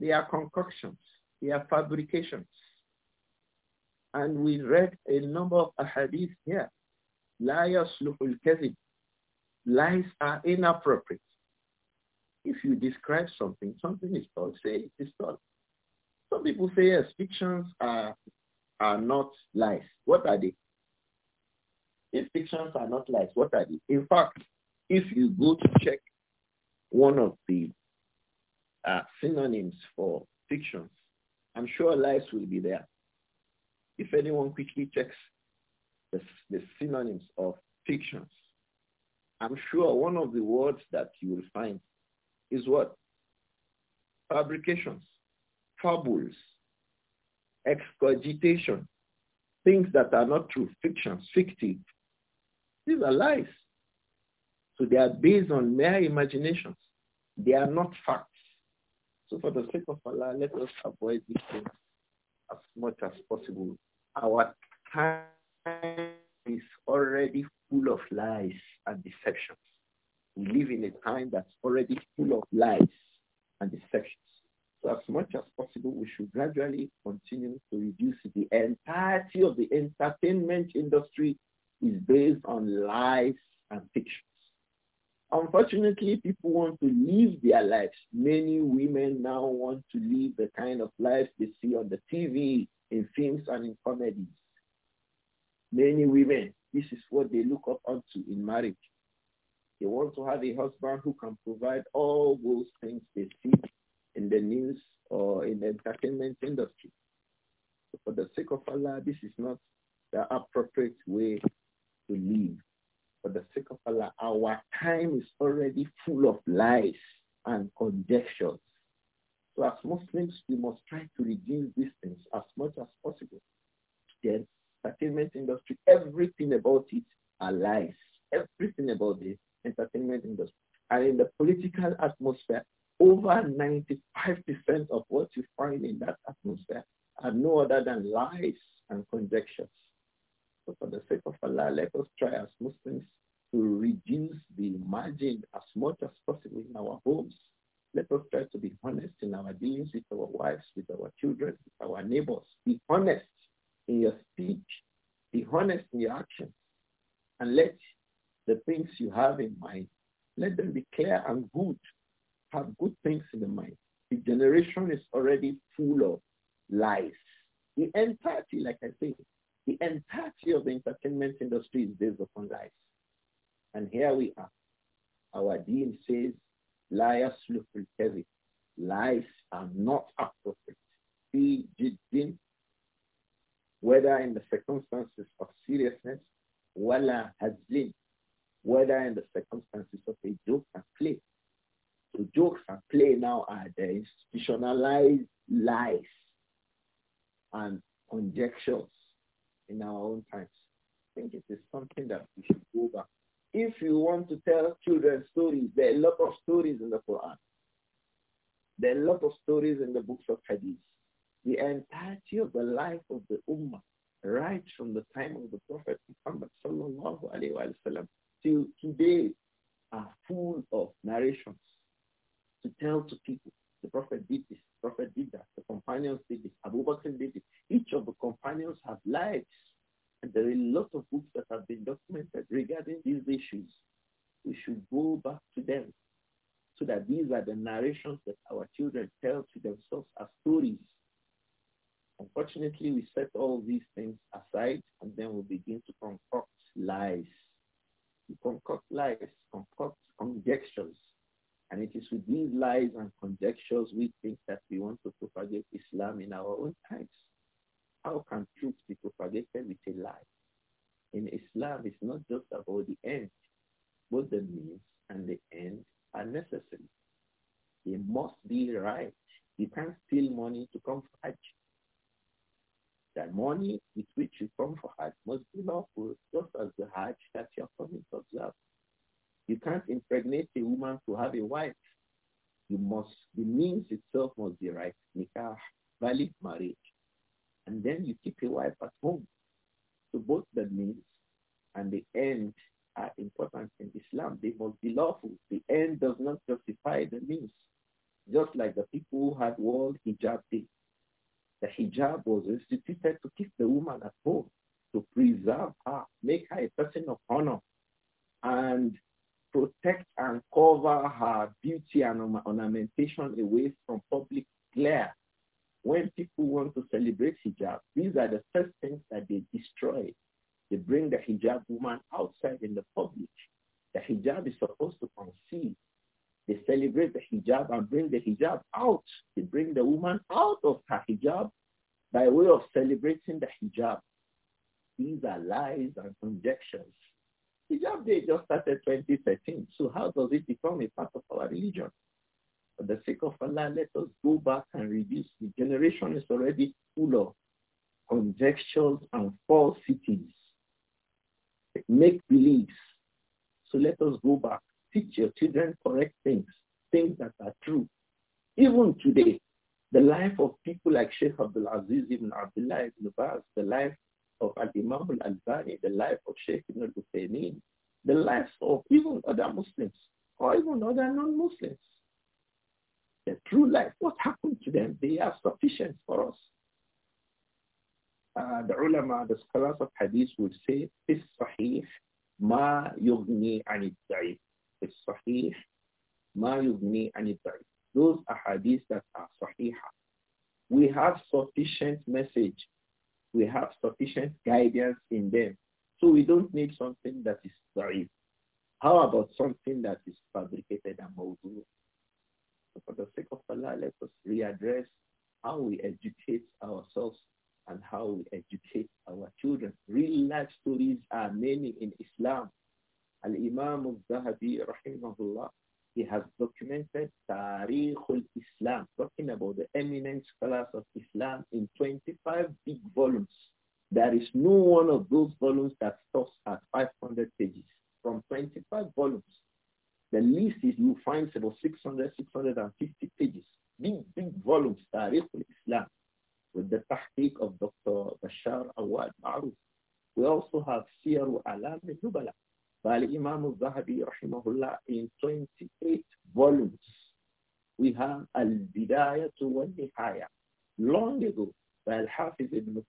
They are concoctions. They are fabrications. And we read a number of ahadith here. La yasluhul kazib. Lies are inappropriate. If you describe something, something is thought, say it is thought. Some people say yes, fictions are, are not lies. What are they? If fictions are not lies, what are they? In fact, if you go to check one of the uh, synonyms for fictions, I'm sure lies will be there. If anyone quickly checks the, the synonyms of fictions, I'm sure one of the words that you will find is what? Fabrications, fables, excogitation, things that are not true, fictions, fictive. These are lies. So they are based on mere imaginations. They are not facts. So for the sake of Allah, let us avoid these things as much as possible. Our time is already full of lies and deceptions. We live in a time that's already full of lies and deceptions. So as much as possible, we should gradually continue to reduce the entirety of the entertainment industry is based on lies and fictions. Unfortunately, people want to live their lives. Many women now want to live the kind of life they see on the TV, in films and in comedies. Many women, this is what they look up onto in marriage. They want to have a husband who can provide all those things they see in the news or in the entertainment industry. So for the sake of Allah, this is not the appropriate way to live. For the sake of Allah, our time is already full of lies and conjectures. So as Muslims, we must try to reduce these things as much as possible. The entertainment industry, everything about it are lies. Everything about it entertainment industry. And in the political atmosphere, over 95% of what you find in that atmosphere are no other than lies and conjectures. So for the sake of Allah, let us try as Muslims to reduce the margin as much as possible in our homes. Let us try to be honest in our dealings with our wives, with our children, with our neighbors. Be honest in your speech. Be honest in your actions. And let the things you have in mind, let them be clear and good. Have good things in the mind. The generation is already full of lies. The entirety, like I say, the entirety of the entertainment industry is based upon lies. And here we are. Our dean says, liars look heavy. Lies are not appropriate. Be jiddin, whether in the circumstances of seriousness, wala been whether in the circumstances of a joke and play. So jokes and play now are the institutionalized lies and conjectures in our own times. I think it is something that we should go back. If you want to tell children stories, there are a lot of stories in the Quran. There are a lot of stories in the books of Hadith. The entirety of the life of the Ummah, right from the time of the Prophet Muhammad sallallahu alayhi wa till today are full of narrations to tell to people. The Prophet did this, the Prophet did that, the companions did this, Abu Bakr did it. Each of the companions have lives. And there are a lot of books that have been documented regarding these issues. We should go back to them so that these are the narrations that our children tell to themselves as stories. Unfortunately, we set all these things aside and then we begin to construct lies to concoct lies, concoct conjectures. And it is with these lies and conjectures we think that we want to propagate Islam in our own times. How can truth be propagated with a lie? In Islam, it's not just about the end. Both the means and the end are necessary. They must be right. You can't steal money to come for the money with which you come for Hajj must be lawful, just as the Hajj that you're coming to observe. You can't impregnate a woman to have a wife. You must, the means itself must be right, nikah, valid marriage. And then you keep a wife at home. So both the means and the end are important in Islam. They must be lawful. The end does not justify the means. Just like the people who had world hijab day, the hijab was instituted to keep the woman at home, to preserve her, make her a person of honor, and protect and cover her beauty and ornamentation away from public glare. When people want to celebrate hijab, these are the first things that they destroy. They bring the hijab woman outside in the public. The hijab is supposed to conceal they celebrate the hijab and bring the hijab out. They bring the woman out of her hijab by way of celebrating the hijab. These are lies and conjectures. Hijab Day just started 2013, so how does it become a part of our religion? For the sake of Allah, let us go back and reduce. The generation is already full of conjectures and falsities, make beliefs. So let us go back teach your children correct things, things that are true. Even today, the life of people like Sheikh Abdul Aziz ibn Abdullah ibn Baz, the life of Al-Imam al-Albani, the life of Sheikh ibn al-Husaynin, the lives of even other Muslims or even other non-Muslims. The true life, what happened to them, they are sufficient for us. Uh, the ulama, the scholars of hadith would say, ma yugni is sahih, ma anitari. Those ahadith that are sahih. We have sufficient message. We have sufficient guidance in them. So we don't need something that is sahih. How about something that is fabricated and mawdu? So for the sake of Allah, let us readdress how we educate ourselves and how we educate our children. Real life stories are many in Islam. Al-Imam al-Zahabi, rahimahullah, he has documented Tariq al-Islam, talking about the eminent scholars of Islam in 25 big volumes. There is no one of those volumes that stops at 500 pages. From 25 volumes, the least is you find about 600, 650 pages. Big, big volumes, Tariq al-Islam, with the tahqiq of Dr. Bashar Awad Ma'ruf. We also have Siyar alam al-Nubala, but Imam al-Zahabi, rahimahullah, in 28 volumes, we have Al-Bidayah wa Nihaya. Long ago, by Al-Hafiz ibn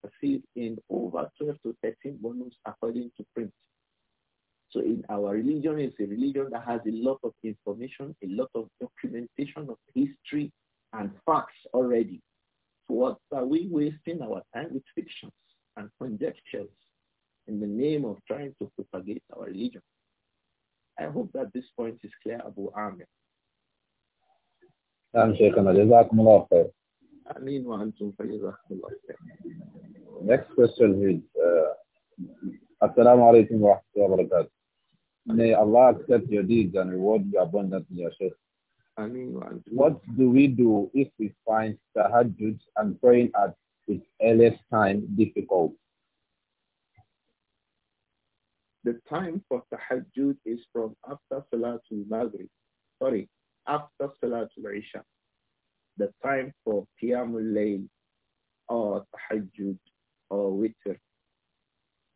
in over 12 to 13 volumes according to print. So in our religion, it's a religion that has a lot of information, a lot of documentation of history and facts already. So what are we wasting our time with fictions and conjectures? in the name of trying to propagate our religion. I hope that this point is clear, Abu Amir. نعم شيخنا جزاكم الله خير. آمين وأنتم فجزاكم الله خير. Next question is uh, Assalamu alaikum May Allah accept your deeds and reward you abundantly, What do we do if we find tahajjud and praying at its earliest time difficult? The time for tahajjud is from after Salatul Maghrib. Sorry, after Salatul Isha. The time for Qiyamul Layl or tahajjud or witr.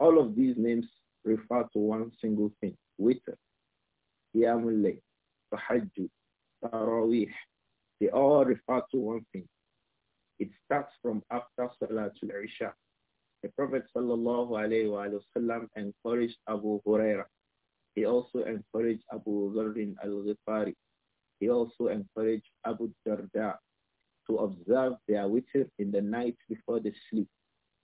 All of these names refer to one single thing, witr, qiyamul layl, tahajjud, tarawih. They all refer to one thing. It starts from after Salatul Isha the Prophet وسلم encouraged Abu Huraira. He also encouraged Abu Zardin al-Ghifari. He also encouraged Abu Darda to observe their witr in the night before they sleep.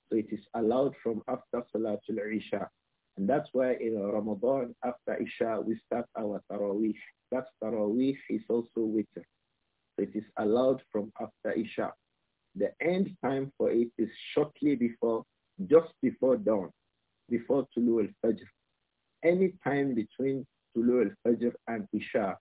So it is allowed from after Salatul Isha. And that's why in Ramadan, after Isha, we start our Taraweeh. That Taraweeh is also witr. So it is allowed from after Isha. The end time for it is shortly before just before dawn, before Tulu al-Fajr, any time between Tulu al-Fajr and Isha,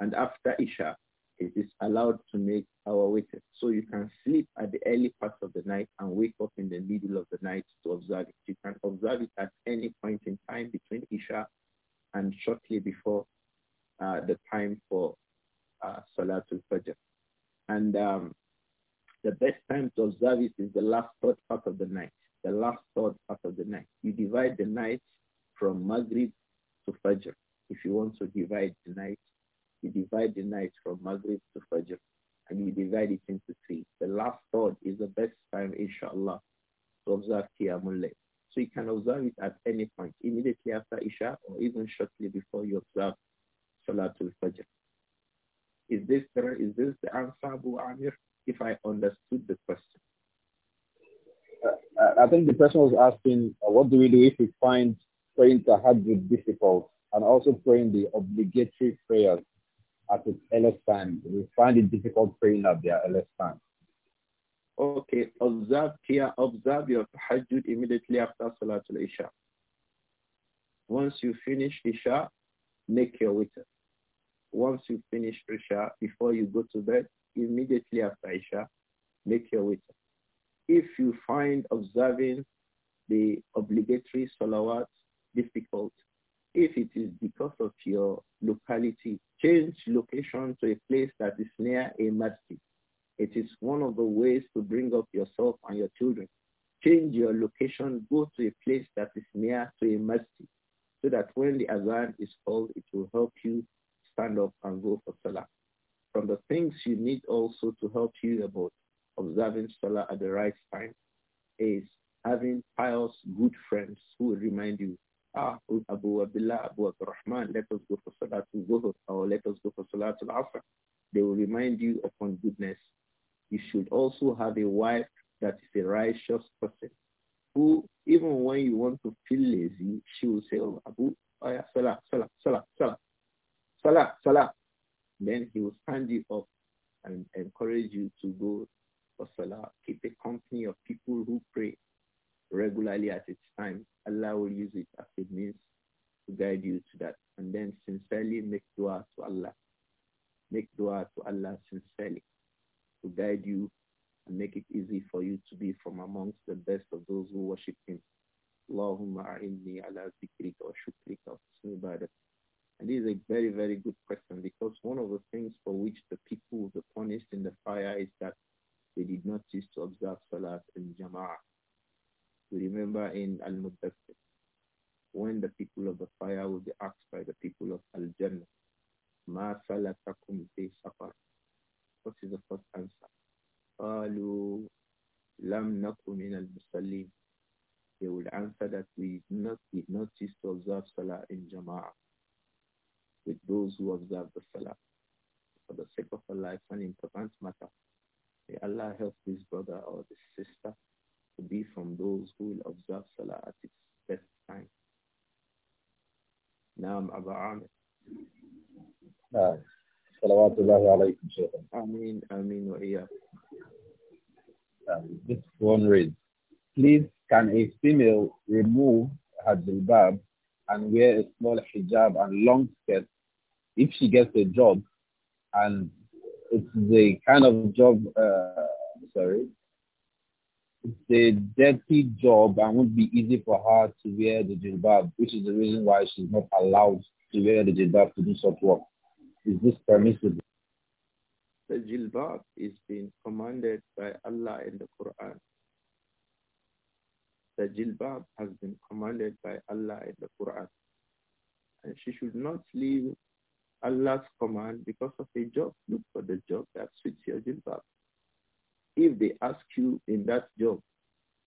and after Isha, it is allowed to make our witr. So you can sleep at the early part of the night and wake up in the middle of the night to observe it. You can observe it at any point in time between Isha and shortly before uh, the time for uh, Salatul Fajr. And um, the best time to observe it is the last third part of the night the last third part of the night. You divide the night from Maghrib to Fajr. If you want to divide the night, you divide the night from Maghrib to Fajr and you divide it into three. The last third is the best time, inshallah, to observe Qiyamul So you can observe it at any point, immediately after Isha or even shortly before you observe Salatul Fajr. Is this, is this the answer, Abu Amir? If I understood the question. I think the person was asking, uh, what do we do if we find praying tahajjud difficult and also praying the obligatory prayers at its earliest time? We find it difficult praying at their less time. Okay, observe here, observe your Hajj immediately after Salatul Isha. Once you finish Isha, make your witr. Once you finish Isha, before you go to bed, immediately after Isha, make your witr if you find observing the obligatory salawat difficult, if it is because of your locality, change location to a place that is near a masjid. It is one of the ways to bring up yourself and your children. Change your location, go to a place that is near to a masjid so that when the azan is called, it will help you stand up and go for salah. From the things you need also to help you about observing Salah at the right time is having pious good friends who will remind you, ah, Abu Abdullah, Abu Rahman, let us go for Salah to Zuhur or let us go for Salah to Asr. They will remind you upon goodness. You should also have a wife that is a righteous person who, even when you want to feel lazy, she will say, oh, Abu, oh yeah, Salah, Salah, Salah, Salah, Salah, Salah. Then he will stand you up and encourage you to go for salah. Keep a company of people who pray regularly at its time. Allah will use it as a means to guide you to that. And then sincerely make dua to Allah. Make dua to Allah sincerely to guide you and make it easy for you to be from amongst the best of those who worship him. Allahumma a'inni ala zikrika wa shukrika wa And this is a very, very good question because one of the things for which the people will punished in the fire is in al-Mudassir, when the people of the fire will be asked by the people of Al-Jannah, a female remove her jilbab and wear a small hijab and long skirt, if she gets a job, and it's the kind of job, uh, sorry, it's a dirty job and won't be easy for her to wear the jilbab, which is the reason why she's not allowed to wear the jilbab to do such work. Is this permissible? The jilbab is being commanded by Allah in the Quran the jilbab has been commanded by Allah in the Quran. And she should not leave Allah's command because of a job. Look for the job that suits your jilbab. If they ask you in that job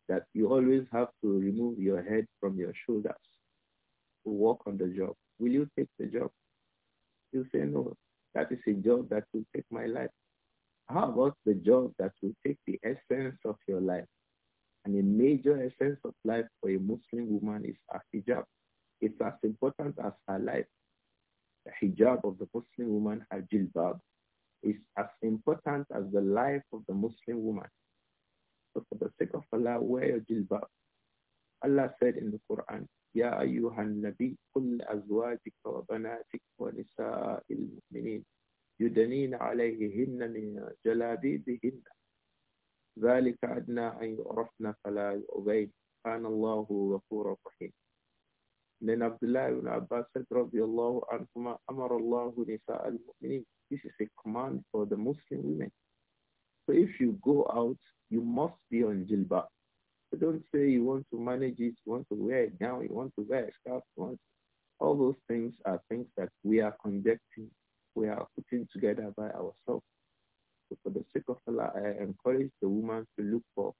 that you always have to remove your head from your shoulders to work on the job, will you take the job? You say no. That is a job that will take my life. How about the job that will take the essence of your life? And a major essence of life for a Muslim woman is a hijab. It's as important as her life. The hijab of the Muslim woman, her jilbab, is as important as the life of the Muslim woman. So for the sake of Allah, wear your jilbab. Allah said in the Quran, يا أيها النبي قل لأزواجك وبناتك ونساء المؤمنين يدنين عليهن من جلابيبهن ذلك أدنى أن يعرفنا فلا يؤذين كان الله غفورا رحيما Then Abdullah ibn Abbas said, radiallahu anhuma, amar Allahu This is a command for the Muslim women. So if you go out, you must be on jilbab. So don't say you want to manage it, you want to wear it now, you want to wear a scarf, want all those things are things that we are conjecturing, we are putting together by ourselves. So for the sake of Allah, I encourage the woman to look for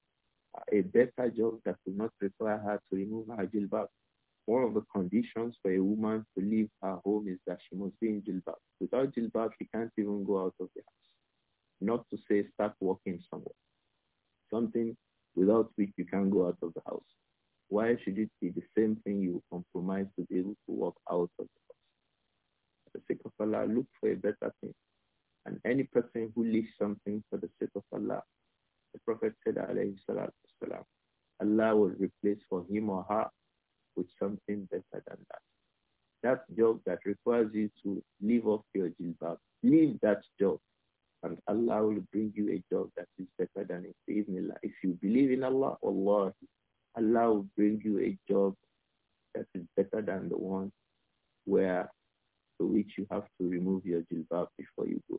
a better job that will not require her to remove her jilbab. One of the conditions for a woman to leave her home is that she must be in jilbab. Without jilbab, she can't even go out of the house. Not to say start working somewhere. Something without which you can't go out of the house. Why should it be the same thing you compromise to be able to walk out of the house? For the sake of Allah, look for a better thing and any person who leaves something for the sake of Allah, the Prophet said, Allah will replace for him or her with something better than that. That job that requires you to leave off your jilbab, leave that job, and Allah will bring you a job that is better than it. If you believe in Allah, Allah, Allah will bring you a job that is better than the one where to which you have to remove your jilbab before you go.